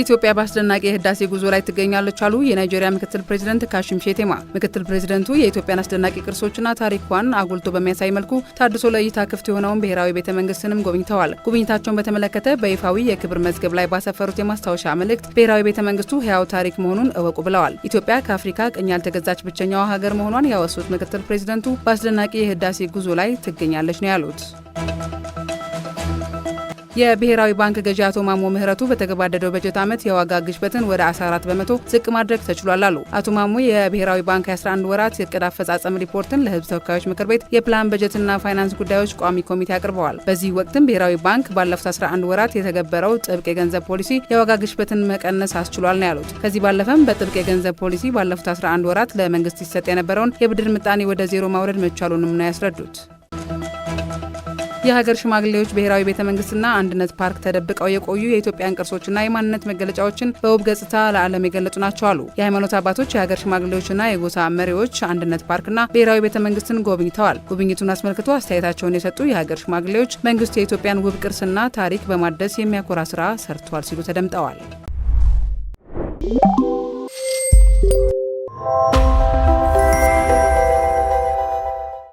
ኢትዮጵያ በአስደናቂ የህዳሴ ጉዞ ላይ ትገኛለች አሉ የናይጄሪያ ምክትል ፕሬዚደንት ካሽም ሼቴማ። ምክትል ፕሬዚደንቱ የኢትዮጵያን አስደናቂ ቅርሶችና ታሪኳን አጉልቶ በሚያሳይ መልኩ ታድሶ ለእይታ ክፍት የሆነውን ብሔራዊ ቤተ መንግስትንም ጎብኝተዋል። ጉብኝታቸውን በተመለከተ በይፋዊ የክብር መዝገብ ላይ ባሰፈሩት የማስታወሻ መልእክት ብሔራዊ ቤተ መንግስቱ ህያው ታሪክ መሆኑን እወቁ ብለዋል። ኢትዮጵያ ከአፍሪካ ቅኝ ያልተገዛች ብቸኛዋ ሀገር መሆኗን ያወሱት ምክትል ፕሬዚደንቱ በአስደናቂ የህዳሴ ጉዞ ላይ ትገኛለች ነው ያሉት። የብሔራዊ ባንክ ገዢ አቶ ማሞ ምህረቱ በተገባደደው በጀት ዓመት የዋጋ ግሽበትን ወደ 14 በመቶ ዝቅ ማድረግ ተችሏል አሉ። አቶ ማሞ የብሔራዊ ባንክ የ11 ወራት የእቅድ አፈጻጸም ሪፖርትን ለህዝብ ተወካዮች ምክር ቤት የፕላን በጀትና ፋይናንስ ጉዳዮች ቋሚ ኮሚቴ አቅርበዋል። በዚህ ወቅትም ብሔራዊ ባንክ ባለፉት 11 ወራት የተገበረው ጥብቅ የገንዘብ ፖሊሲ የዋጋ ግሽበትን መቀነስ አስችሏል ነው ያሉት። ከዚህ ባለፈም በጥብቅ የገንዘብ ፖሊሲ ባለፉት 11 ወራት ለመንግስት ሲሰጥ የነበረውን የብድር ምጣኔ ወደ ዜሮ ማውረድ መቻሉንም ነው ያስረዱት። የሀገር ሽማግሌዎች ብሔራዊ ቤተ መንግስትና አንድነት ፓርክ ተደብቀው የቆዩ የኢትዮጵያን ቅርሶችና የማንነት መገለጫዎችን በውብ ገጽታ ለዓለም የገለጹ ናቸው አሉ። የሃይማኖት አባቶች፣ የሀገር ሽማግሌዎችና የጎሳ መሪዎች አንድነት ፓርክና ብሔራዊ ቤተ መንግስትን ጎብኝተዋል። ጉብኝቱን አስመልክቶ አስተያየታቸውን የሰጡ የሀገር ሽማግሌዎች መንግስት የኢትዮጵያን ውብ ቅርስና ታሪክ በማደስ የሚያኮራ ስራ ሰርቷል ሲሉ ተደምጠዋል።